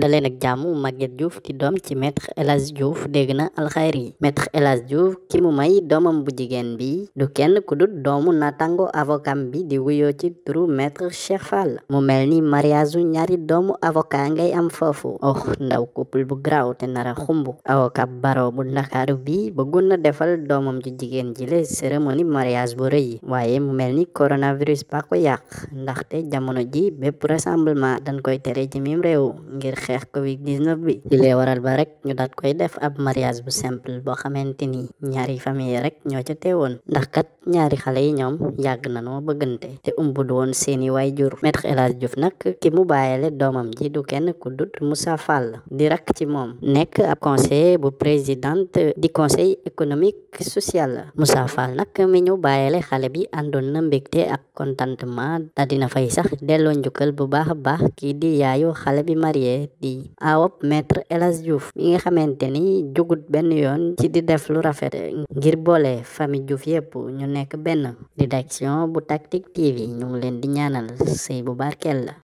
daleen ak jàmm Maguette Diouf di doom ci maître El Hadji Diouf dégg na alxayri maître El ki mu may doomam bu jigéen bi du kenn ku dut na natango avocam bi di wuyoo ci turu maître Cheikh mu mel ni mariage ñaari doomu avocat ngay am foofu oh ndaw couple bu graw te nara xumbu avocat baro bu ndakaaru bi bëggoon na defal doomam ju jigéen jile cérémonie mariage bu rëy waaye mu mel ni coronavirus ba ko ndaxte jamono ji bépp rassemblement dañ koy tere ci mim réew xeex covid 19 bi di lee waral ba rek ñu daat koy def ab mariage bu simple boo xamante ni ñaari famille rek ñoo ca teewoon ndax kat ñaari xale yi ñoom yàgg na noo bëggante te umbud woon seeni waajur maître El Hadji Diouf nag ki mu bàyyele doomam ji du kenn ku dut Moussa Fall di rak ci moom nekk ab conseiller bu présidente di conseil économique social Moussa Fall nag mi ñu bàyyele xale bi àndoon na mbégte ak contentement da dina fay sax delloo njukkal bu baax baax kii di yaayu di awop metre El Hadji Diouf mi nga xamante ni jugut benn yoon ci di def lu rafet ngir boole famille Diouf yépp ñu nekk benn rédaction bu Tactic TV ñu ngi leen di ñaanal sëy bu barkeel la